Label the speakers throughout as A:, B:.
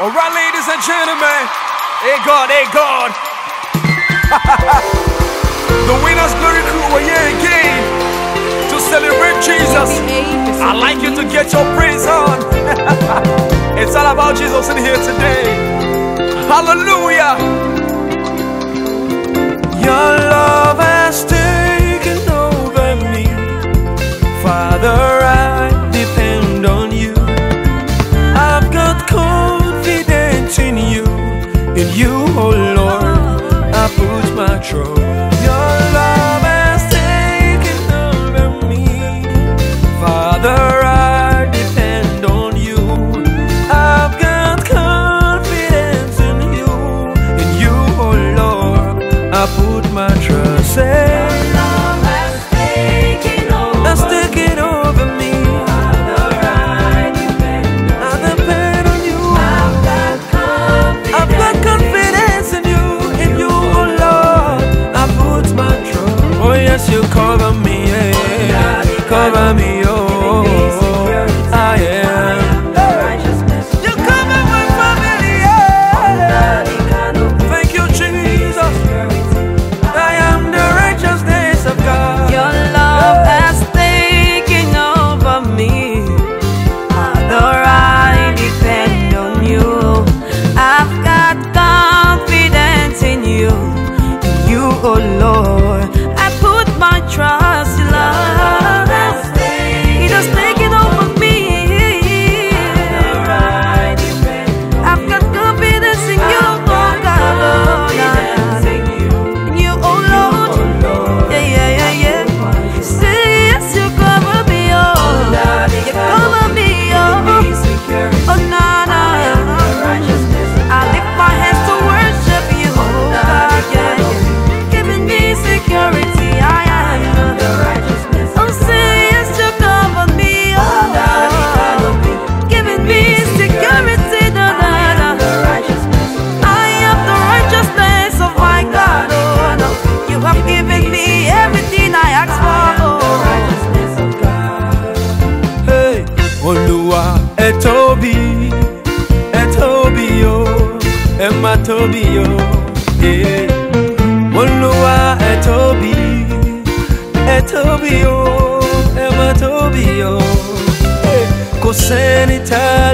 A: All right, ladies and gentlemen. Hey, God, hey, God. the winner's glory crew are here again to celebrate Jesus. I'd like you to get your praise on. it's all about Jesus in here today. Hallelujah. Your love. control. You're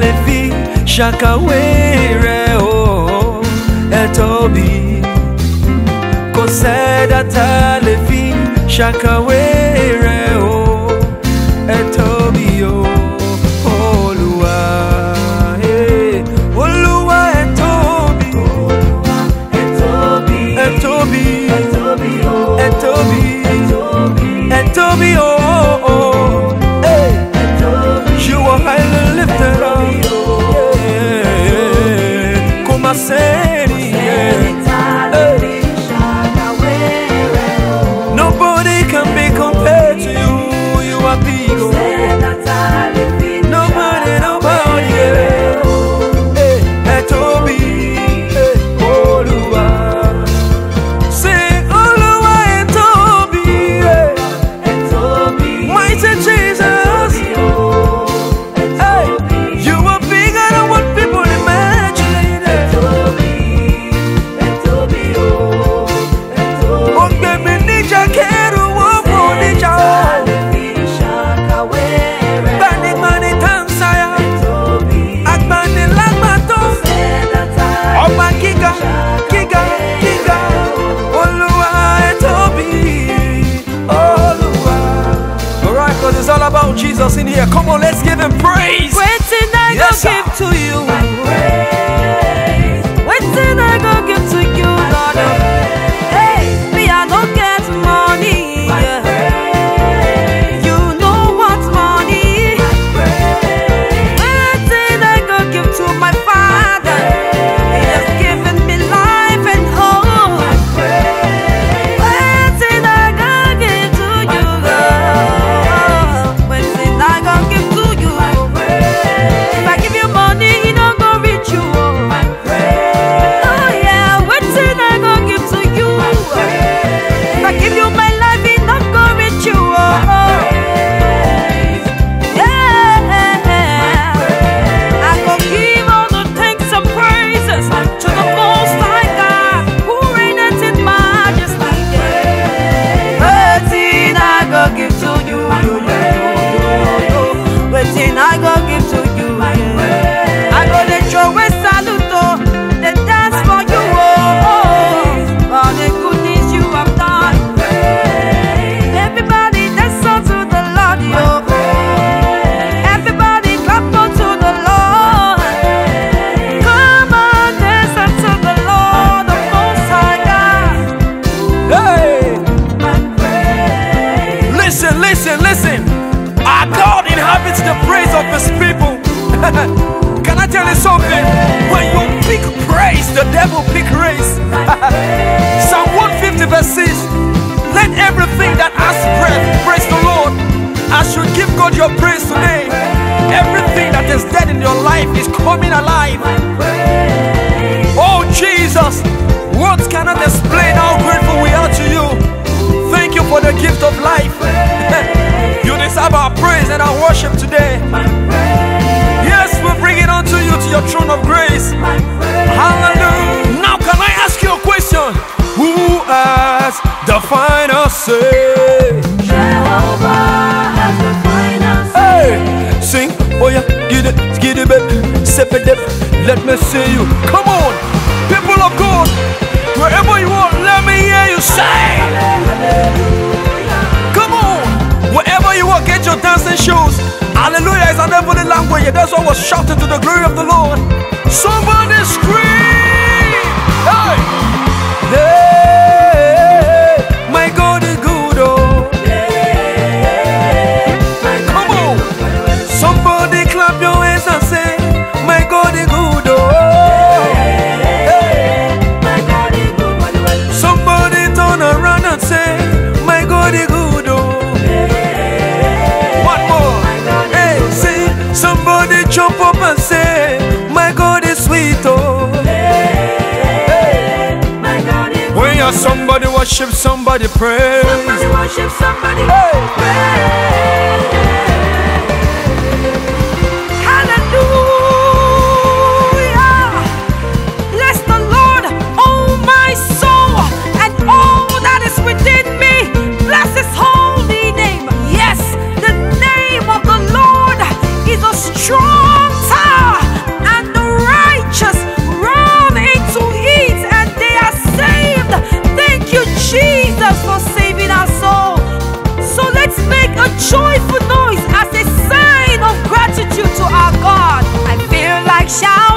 A: lè fi ṣàkàwé rẹ̀ o ẹ tóbi kò sẹ́dá tá a lè fi ṣàkàwé rẹ̀ o. Let me see you. Come on, people of God, wherever you are, let me hear you say. Come on, wherever you are, get your dancing shoes. Hallelujah is an heavenly language. That's what was shouted to the glory of the Lord. Somebody scream! Hey! dey chop up and say, My God is sweet, oh. when you're somebody worship, somebody praise. Somebody worship, somebody hey. praise. tchau.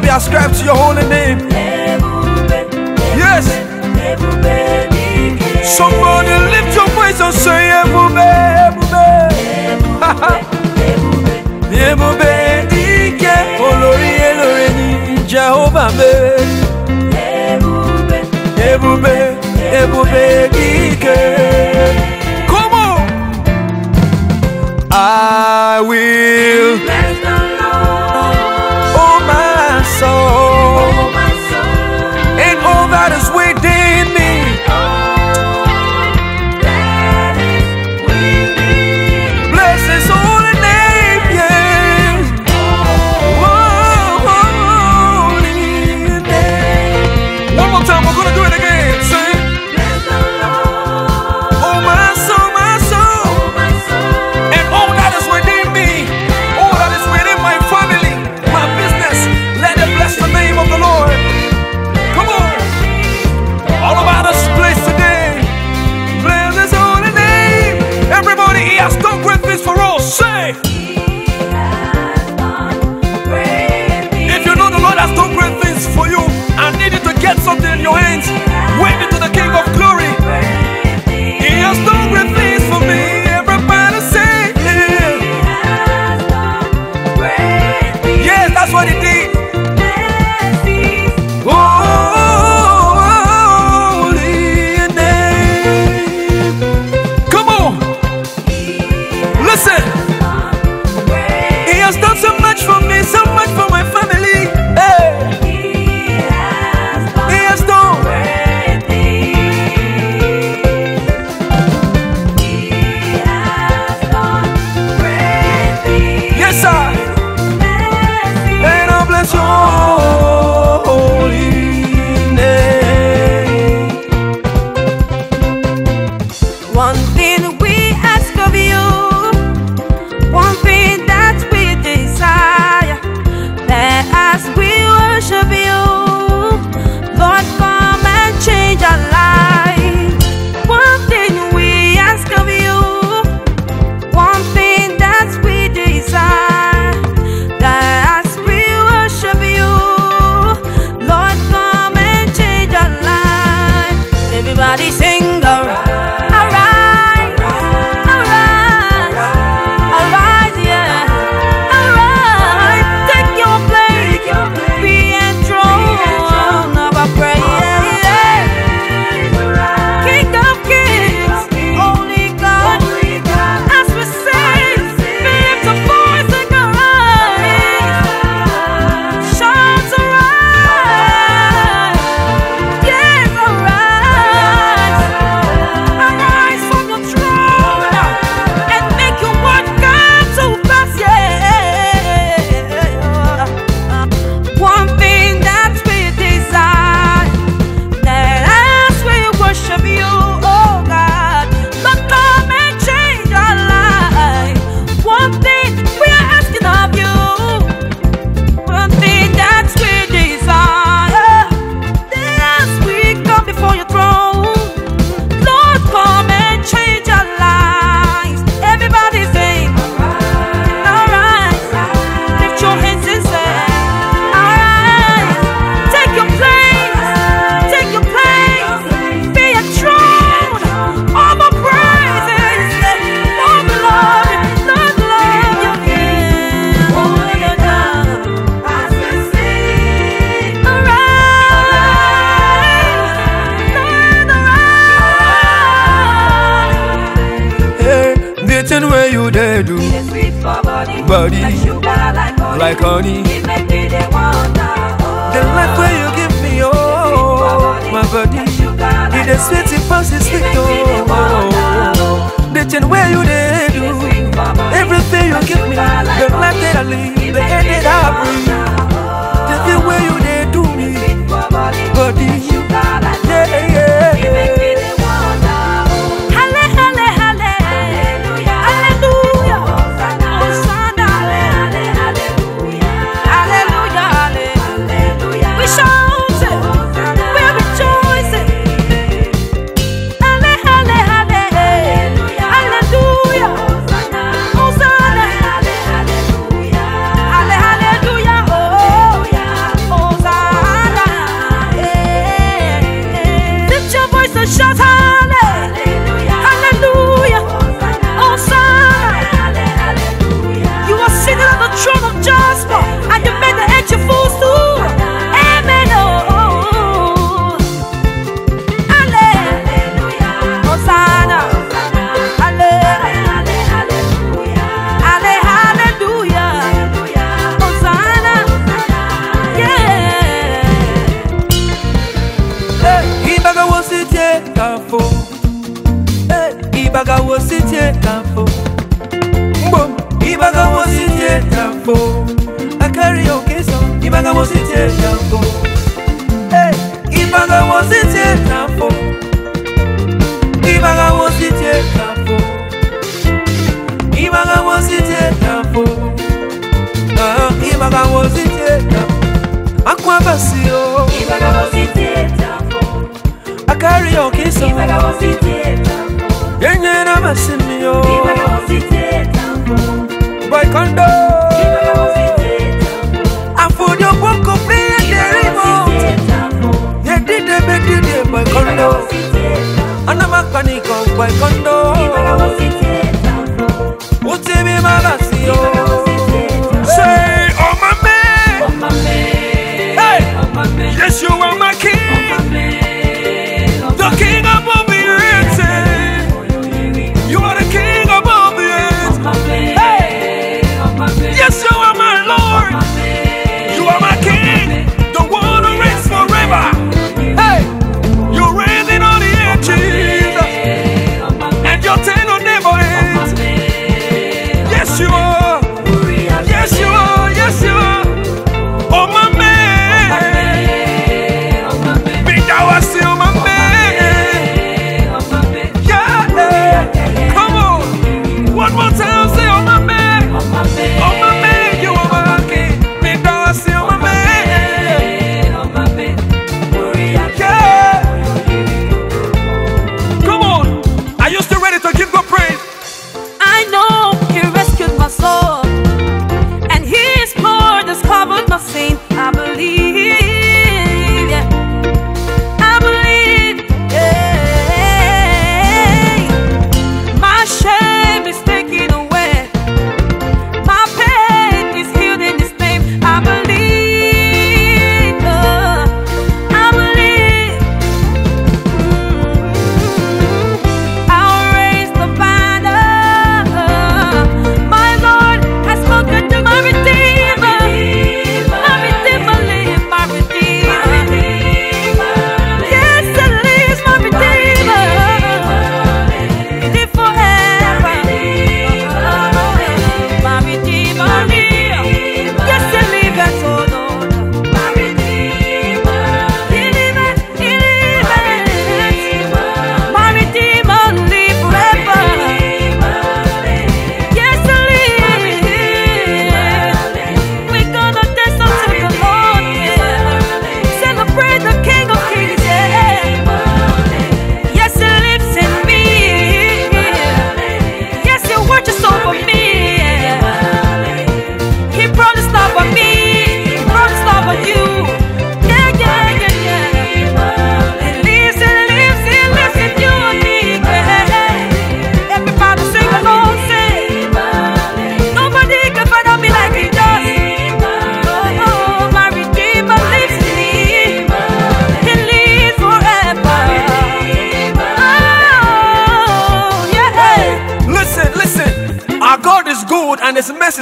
A: shall be ascribed to your holy name. Yes. Somebody lift your voice and say, Ebube, Ebube. Ebube, Ike, Olori, Eloreni, Jehovah, Ebube, Ebube, Ebube, Ike. Come on. I will. Listen. taekwondo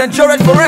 A: endurance forever.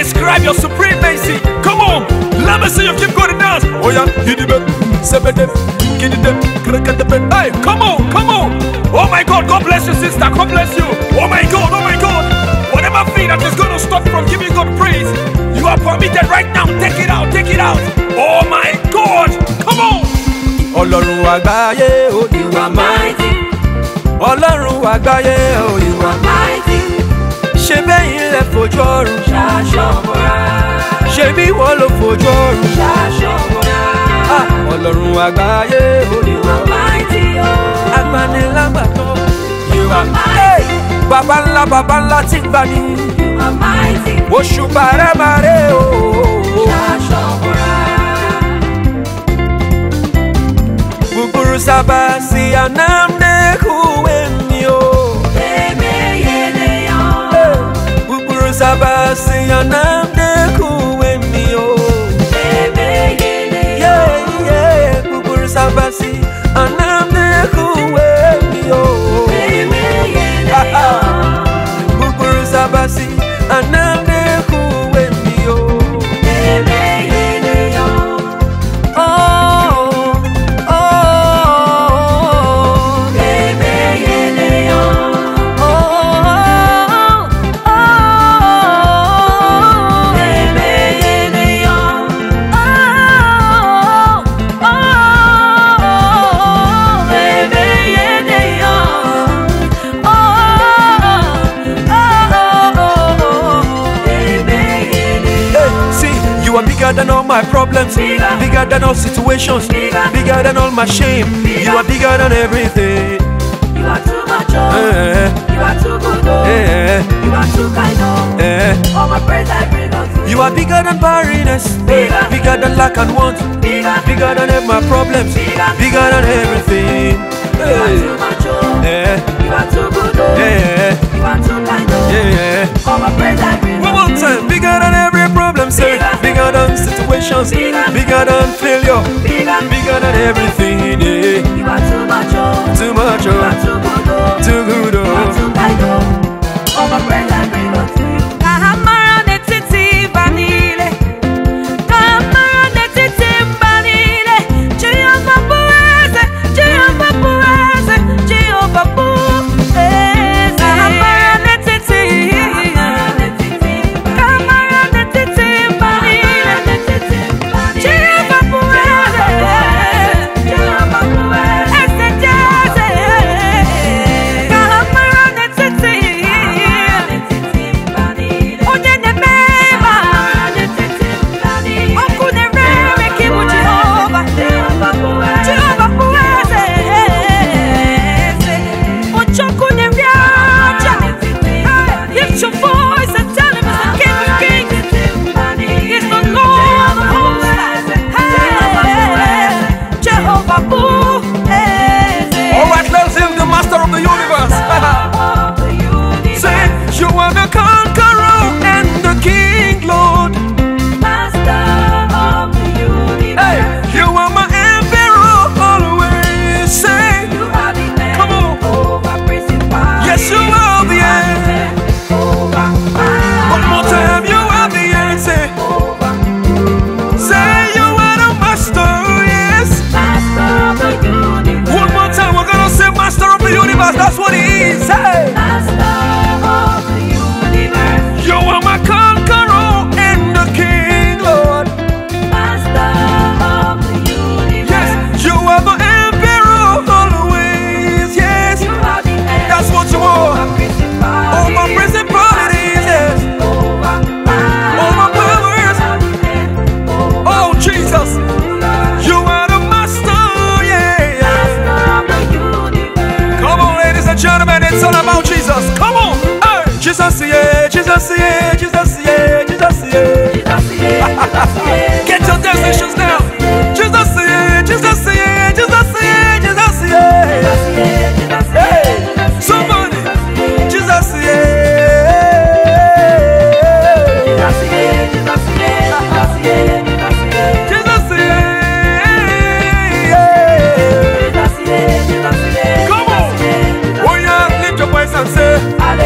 A: Describe your supremacy. Come on. Let me see you keep going to dance. Oh yeah, hit it up. Seven them. Get it up. the bed. Hey, come on, come on. Oh my God, God bless you, sister. God bless you. Oh my God, oh my God. Whatever thing that is going to stop from giving God praise, you are permitted right now. Take it out, take it out. Oh my God, come on. Ọlọ́run àgbáyé o, oh, oh, you are mighty. Ọlọ́run àgbáyé o, you are mighty. Ṣé bẹ́yìn lè fojú ọrùn. ṣaṣọ wọ́n ló fojú ọrùn. ọlọ́run àgbáyé olùwọ́. mighty o. Oh. agbanilágbàtọ́. you are mighty. baba ńlá baba ńlá ti gbani. you are mighty. oṣù bàrẹ́bàrẹ́ o. Oh. ṣaṣọ bora. gbùgbùrù sábà sí àná sabasi yanamde kuweni o. Ebe yene yo. Yeah, yeah, bubur sabasi anamde. all situations, bigger, bigger than all my shame. Bigger. You are bigger than everything. You are too much, oh. Eh. You are too good, oh. Eh. You are too kind, oh. Eh. All my praise I bring unto you. You are bigger than barrenness, bigger, bigger than lack and want, bigger, bigger than all my problems, bigger, bigger than everything. You are eh. too much, oh. Eh. You are too good, oh. Eh. You are too kind, oh. Yeah. All my praise Bigger than failure. Bigger than everything.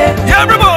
A: Yeah, everybody.